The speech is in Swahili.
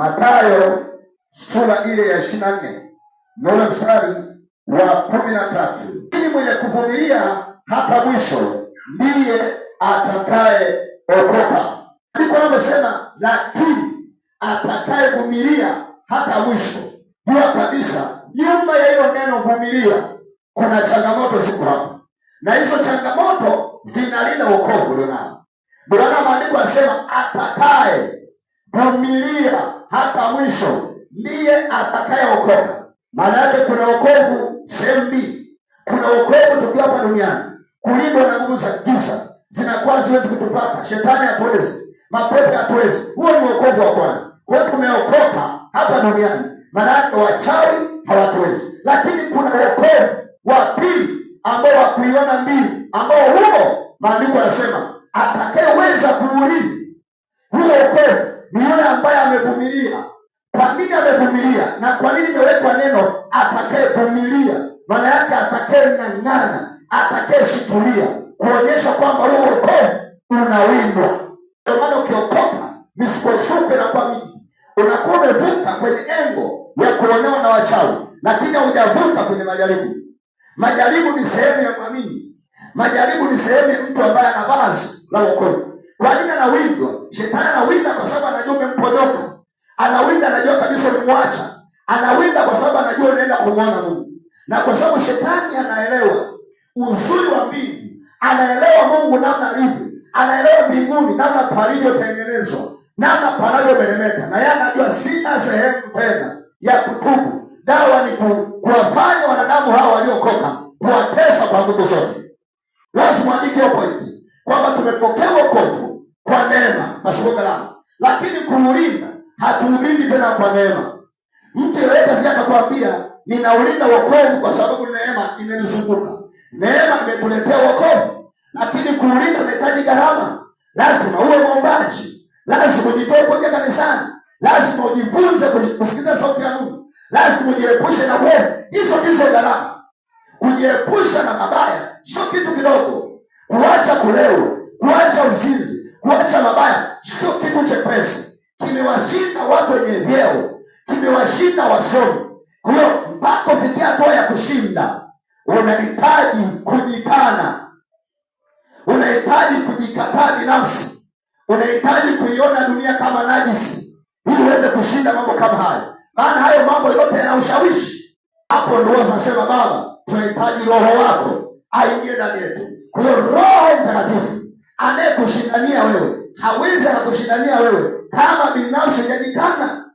Mathayo sura ile ya ishirini na nne naule mstari wa kumi na tatu mwenye kuvumilia hata mwisho ndiye atakaye okoka. Andiko amesema lakini vumilia hata mwisho. Jua kabisa nyuma ya hilo neno vumilia kuna changamoto ziko hapo, na hizo changamoto zinalinda wokovu ulionao. Ndio maana maandiko anasema atakaye vumilia hata mwisho, ndiye atakayeokoka. Maana yake kuna wokovu sehemu mbili, kuna wokovu tukiwa hapa duniani, kulibwa na nguvu za giza zinakuwa ziwezi kutupata, shetani hatuwezi, mapepo hatuwezi. Huo ni wokovu wa kwanza. Kwa hiyo tumeokoka hapa duniani, maana yake wachawi hawatuwezi, lakini kuna wokovu wa pili ambao wa kuiona mbili, ambao huo maandiko yanasema atakayeweza kuchukulia kuonyesha kwamba huo wokovu unawindwa. Ndio maana ukiokoka na kwa mingi, unakuwa umevuka kwenye engo ya kuonewa na wachawi, lakini haujavuka kwenye majaribu. Majaribu ni sehemu ya mwamini, majaribu ni sehemu ya mtu ambaye ana balansi la wokovu. Kwa nini anawindwa? Shetani anawinda kwa sababu anajua umempodoka, anawinda anajua kabisa umemwacha, anawinda kwa sababu anajua unaenda kumwona Mungu, na kwa sababu shetani anaelewa uzuri wa mbingu, anaelewa Mungu namna alivyo, anaelewa mbinguni namna palivyotengenezwa, namna panavyomeremeta, na yeye anajua sina sehemu tena ya kutubu. Dawa ni kuwafanya wanadamu hawa waliokoka kuwatesa kwa nguvu zote. Lazima mwandike hiyo point kwamba tumepokea wokovu kwa neema pasipo gharama, lakini kuulinda, hatuulindi tena kwa neema. Mtu yeyote sija atakwambia ninaulinda wokovu kwa sababu neema imenizunguka Neema imekuletea wokovu, lakini kuulinda unahitaji gharama. Lazima uwe mwombaji, lazima ujitoe kwenye kanisani, lazima ujifunze kusikiliza sauti ya Mungu, lazima ujiepushe na uovu. Hizo ndizo gharama. Kujiepusha na mabaya sio kitu kidogo. Kuacha kulewa, kuacha uzinzi, kuacha mabaya sio kitu chepesi. Kimewashinda watu wenye vyeo, kimewashinda wasomi. Kwa hiyo mpaka ufikia hatua ya kushinda unahitaji kujikana, unahitaji kujikataa binafsi, unahitaji kuiona dunia kama najisi, ili uweze kushinda mambo kama hayo, maana hayo mambo yote yana ushawishi. Hapo ndio tunasema Baba, tunahitaji Roho wako aingie ndani yetu. Kwa hiyo Roho Mtakatifu anayekushindania wewe hawezi akakushindania wewe kama binafsi hujajikana.